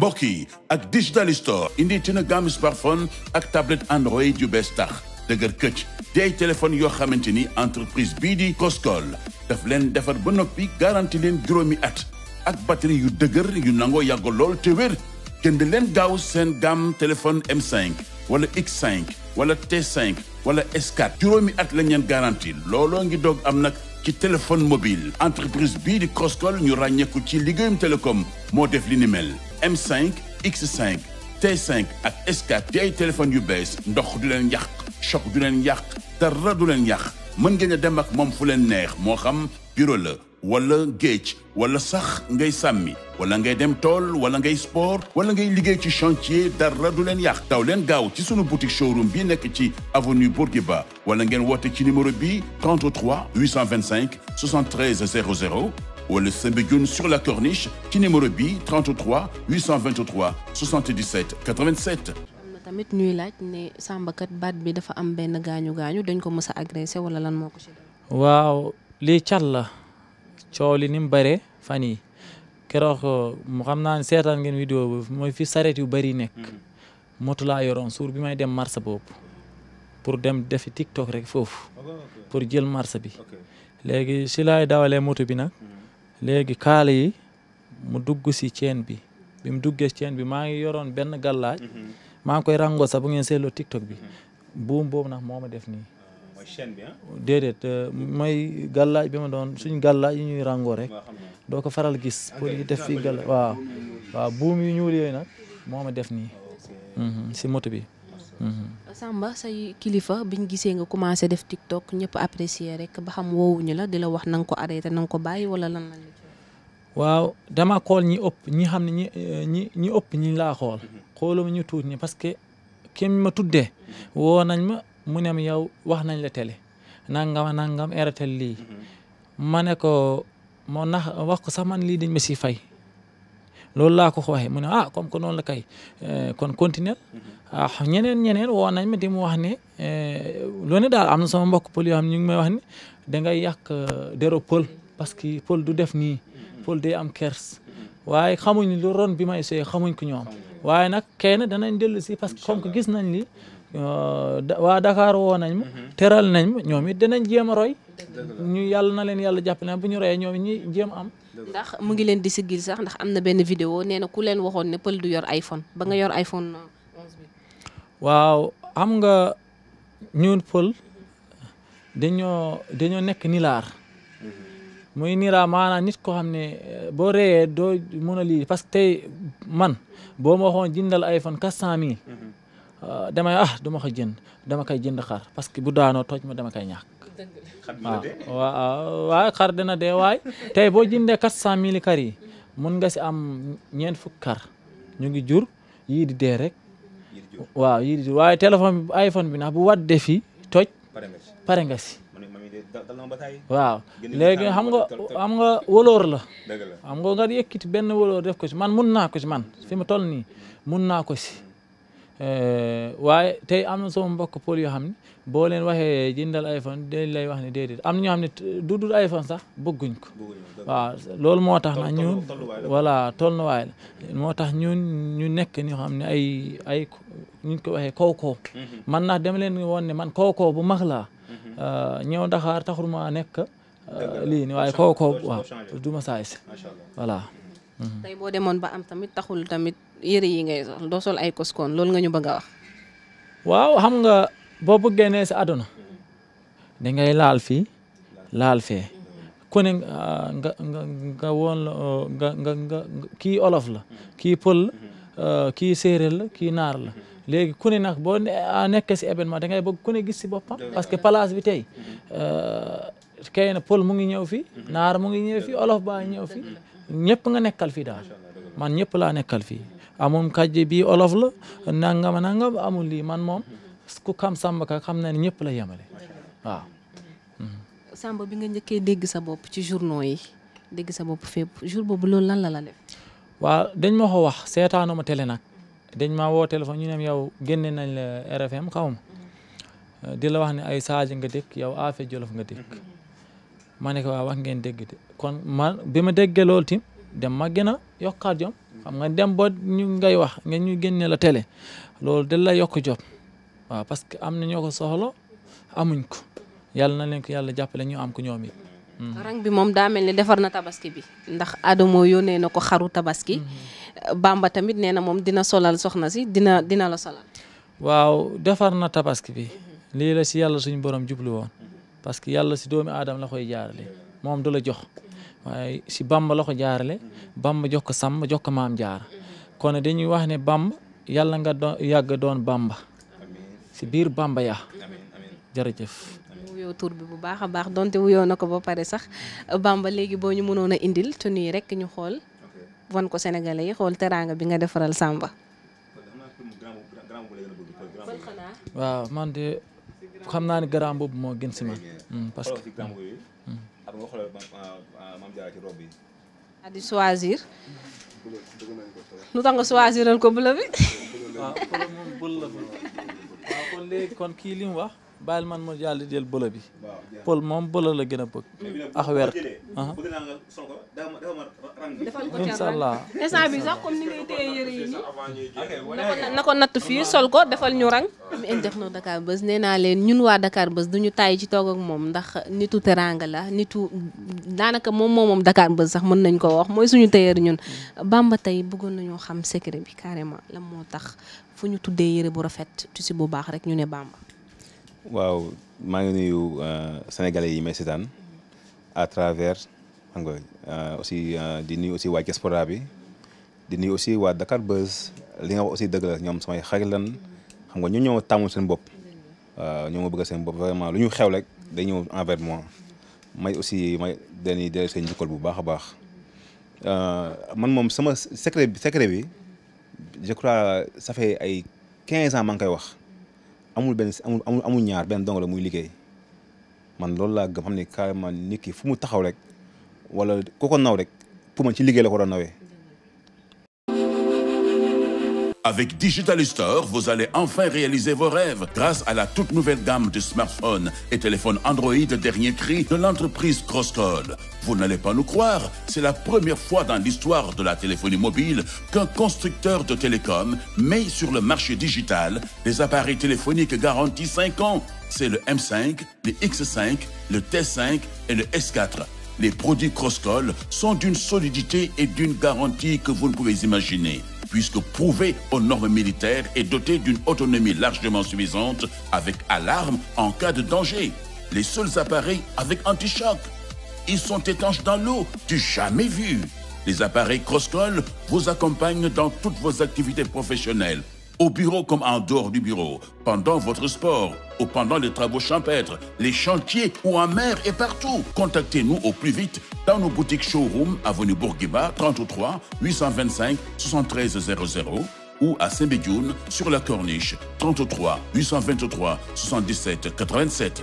mbokk yi ak digital store indi tina gamme smartphone ak tablette Android yu bees tax dëgër këcc di ay téléphone yoo xamante ni entreprise bii di Crosscall daf leen defar ba noppi garanti leen juróomi at ak batterie yu dëgër yu nangoo yàgg lool te wér kenn jënd leen gaaw seen gamme téléphone M5 wala X5 wala T5 wala s juróomi at lañ leen garanti looloo ngi doog am nag ci téléphone mobile entreprise bii di Crosscall ñu ràññeeku ci liggéeyum télécom moo def li ni mel M5 X5 t ak S4 di ay téléphones yu bees ndox du leen yàq choc du leen yàq dara du leen yàq mën ngeen a dem ak moom fu leen neex moo xam bureau la wala Gage, wala sax ngay sammi wala ngay dem tol wala ngay sport wala ngay ci chantier dara du len yàq taw len gaaw ci sunu boutique showroom bi ci avenue Bourguiba wala ngeen wote ci bi 33 825 73 00 wala Soumbédioune sur la corniche ci bi 33 823 77 87 tamit waaw coow li ni mu bare fan yi keroog uh, mu xam naa ne seetaan ngeen vidéo bi mooy fi saret yu bëri nekk mm-hmm. motu laa yoroon suur bi may dem marché boobu pour dem defi tiktok rek foofu oh, pour jël marché bi léegi si laay dawalee moto bi nag mm-hmm. léegi kaala yi mu dugg si ceen bi bi mu duggee si ceen bi maa ngi yoroon benn gàllaaj mm-hmm. maa ngi koy rango sax bu ngeen seetloo tiktok bi buum boobu nag moo ma def nii mooy chaîne bi ah. déedéet euh, mooy gàllaaj bi ma doon suñu gàllaaj yu ñuy ràngoo rek doo ko faral gis pour ñu def fi gàllaaj waaw waaw buum yu ñuul yooyu nag moo ma def nii ah, mhm, si moto bi mhm. Samba say kilifa biñ gisee nga commencé def tik TikTok ñëpp apprécier rek ba xam woowuñu la di la wax na ko arrêté nanga ko bàyyi wala lan la waaw dama xool ñi ëpp ñi xam ne ñi euh, ëpp ñi laa xool mhm. xooluma ñu tuut ñi parce que ma tuddee woo ma mu ne wax nañ la télé nangam nangam eratel lii mhm. ma ne ko moo nax wax ko sax man lii dañ ma si fay loolu laa ko waxee mu ne ah comme que noonu la kay eh, kon continuer mhm. ah ñeneen ñeneen woo nañ ma di mu wax ne loolu eh, daal am na sama mbokk pël yoo xam ne ñu ngi may wax ne dangay yàq eh, dero pël parce que pël du def nii mhm. pël day am kers waaye xamuñ lu ron bi may see xamuñ ko ñoom waaye nag kay danañ dellu si parce que comme gis nañ li Euh, waa Dakar woo nañ ma mhm. teral nañ ma ñoom it dinañ jéem a roy ñu yàlla na leen yàlla jàppale bu ñu royee ñoom it ñuy jéem am ndax mu ngi leen di siggil sax ndax am na benn vidéo nee na ku leen waxoon ne pël du yor iPhone ba nga yor iPhone 11 waaw am nga ñuun pël dañoo dañoo nekk nilaar mhm. muy niraa maanaam nit koo xam ne eh, boo reyee doo mën a lii parce que tey man boo ma waxoon jëndal iPhone quatre cent Euh, damay ah dama ko dama koy jënd xar parce que bu daanoo tooj ma dama koy ñàkk. waaw waaw xar dina dee waay tey boo jëndee quatre cent mille yi mun nga si am ñeent fukk kar ñu ngi jur yiidi di dee rek. waaw yii di jur waaye bi iPhone bi nag bu wàddee fii tooj. pare nga waaw léegi xam nga xam woloor la xam nga nga yëkkati benn woloor def ko si man mun naa ko man fi mu toll nii mun naa ko Eh, waaye tey am na sama mbokk pël yoo xam ne boo leen waxee jëndal iPhone dañ lay wax ne déedéet am na ñoo xam ne du dul iPhone sax bëgguñ ko waaw loolu moo tax nag ñun voilà tolluwaay la moo tax ñun ñu nekk ñoo xam ne ay ay ñu ko waxee kawkoow mhm. man nag dem leen woon ne man kawkoow bu mag laa mhm. eh, ñëw Dakar taxul ma nekk eh, liin ni waaye kawkoow waaw du ma saay yëre yi ngay sol doo sol ay koskoon loolu nga ñu bëgg wax. waaw xam nga boo bëggee nee si àdduna dangay laal fii laal fee ku ah, nga nga nga woon la kii olof la kii pël la ah, kii séeréer la kii naar la léegi ku ne nag boo ah, nekkee si événement da ngay bëgg ku ne gis si boppam parce que place bi tey kay na pël mu ngi ñëw fii naar mu ngi ñëw fii olof baa ñëw fii ñëpp nga nekkal fii daal man ñëpp laa nekkal fii amul kàjje bii olof la nangama nangam amul lii man moom ku kam Samba Ka xam na ne ñëpp la yemale waaw. Mm-hmm. Samba bi nga njëkkee dégg sa bopp ci journaux yi dégg sa bopp fépp jour boobu loolu lan la la dañ ma ko wax seetaanu ma télé nag dañ ma woo téléphone ñu ne yow génne nañ la RFM xaw ma euh, di la wax ne ay Sadio nga dëkk yow Affe Jolof nga dëkk ma ne ko wax ngeen dégg de kon man bi ma déggee loolu tim dem ma gën a yokkaat jom am na dem ba ñu ngay wax nga ñu génne la télé loolu da la yokk job waaw parce que am na ñoo ko soxla amuñ ko yàlla na leen ko yàlla jàppale ñu am ko ñoom it. Hmm. bi moom daa mel ni defar na tabaski bi ndax Adamo yónnee na ko xaru tabaski. Hmm. Bamba tamit nee na moom dina solal soxna si dina dina la solal. waaw defar na tabaski bi. lii la si yàlla suñu borom jublu woon parce que yàlla si doomi aadama la koy jaarale moom du la jox. waaye si bamba la ko jaarale bamba jox ko sàmm jox ko maam jaara kon dañuy wax ne bamba yàlla nga doon yàgg doon bamba si biir bamba ya jërëjëf wuyoo tur bi bu baax a baax donte wuyoo na ko ba pare sax bamba léegi boo ñu mënoon a indil te nii rek ñu xool wan ko sénégalais yi xool teraanga bi nga defaral sàmba waaw man de xam naa ne garaam moo gën si man hmm, ak nga xoolal maam Diarra tax nga choisiral ko bula bi. kon kii li wax. bàyyil man moo yàlla jël bëla bi. pël moom bëla la gën a bëgg. ak wert incha allah instant bi sax comme ni ngay téye yëre yi nii na ko natt fii sol ko defal ñu rang. bi internet Dakar Buzz nee naa leen ñun waa dakaar bës duñu tàyyi ci toog ak moom ndax nitu teraanga la nitu daanaka moom moo moom Dakar Buzz sax mën nañ koo wax mooy suñu téyeer ñun. Bamba tey bëggoon nañoo xam secret bi carrément la moo tax fu ñu tuddee yëre bu rafet tusi bu baax rek ñu ne Bamba. waaw maa ngi nuyu euh, sénégalais yi may seetaan à travers xam nga euh, aussi euh, di nuyu aussi waa diaspora bi di nuyu aussi waa Dakar Buzz li nga aussi dëgg la ñoom samay xarit lan xam nga ñoo ñoo tàmmul seen bopp waaw ñoo ma bëgg seen bopp vraiment lu ñu xew rek day ñëw envers moi may aussi may dañuy dellu seen njukkal bu baax a man moom sama secret secret bi je crois ça fait ay quinze ans maa ngi wax amul benn amul amul ñaar benn dong muy liggéey man loolu laa gëm xam ne carrément nit ki fu mu taxaw rek wala ku ko naw rek pour man ci liggéey la ko doon nawee Avec Digital Store, vous allez enfin réaliser vos rêves grâce à la toute nouvelle gamme de smartphones et téléphones Android dernier cri de l'entreprise Crosscall. Vous n'allez pas nous croire, c'est la première fois dans l'histoire de la téléphonie mobile qu'un constructeur de télécom met sur le marché digital des appareils téléphoniques garantis 5 ans. C'est le M5, le X5, le T5 et le S4 les produits Crosscall sont d'une solidité et d'une garantie que vous ne pouvez imaginer puisque prouvé aux normes militaires et doté d'une autonomie largement suffisante avec alarme en cas de danger. Les seuls appareils avec anti-choc. Ils sont étanches dans l'eau, du jamais vu. Les appareils Crosscall vous accompagnent dans toutes vos activités professionnelles au bureau comme en dehors du bureau, pendant votre sport ou pendant les travaux champêtres, les chantiers ou en mer et partout. Contactez-nous au plus vite dans nos boutiques showroom avenue Bourguiba 33 825 73 00 ou à Saint-Bédioune sur la Corniche 33 823 77 87.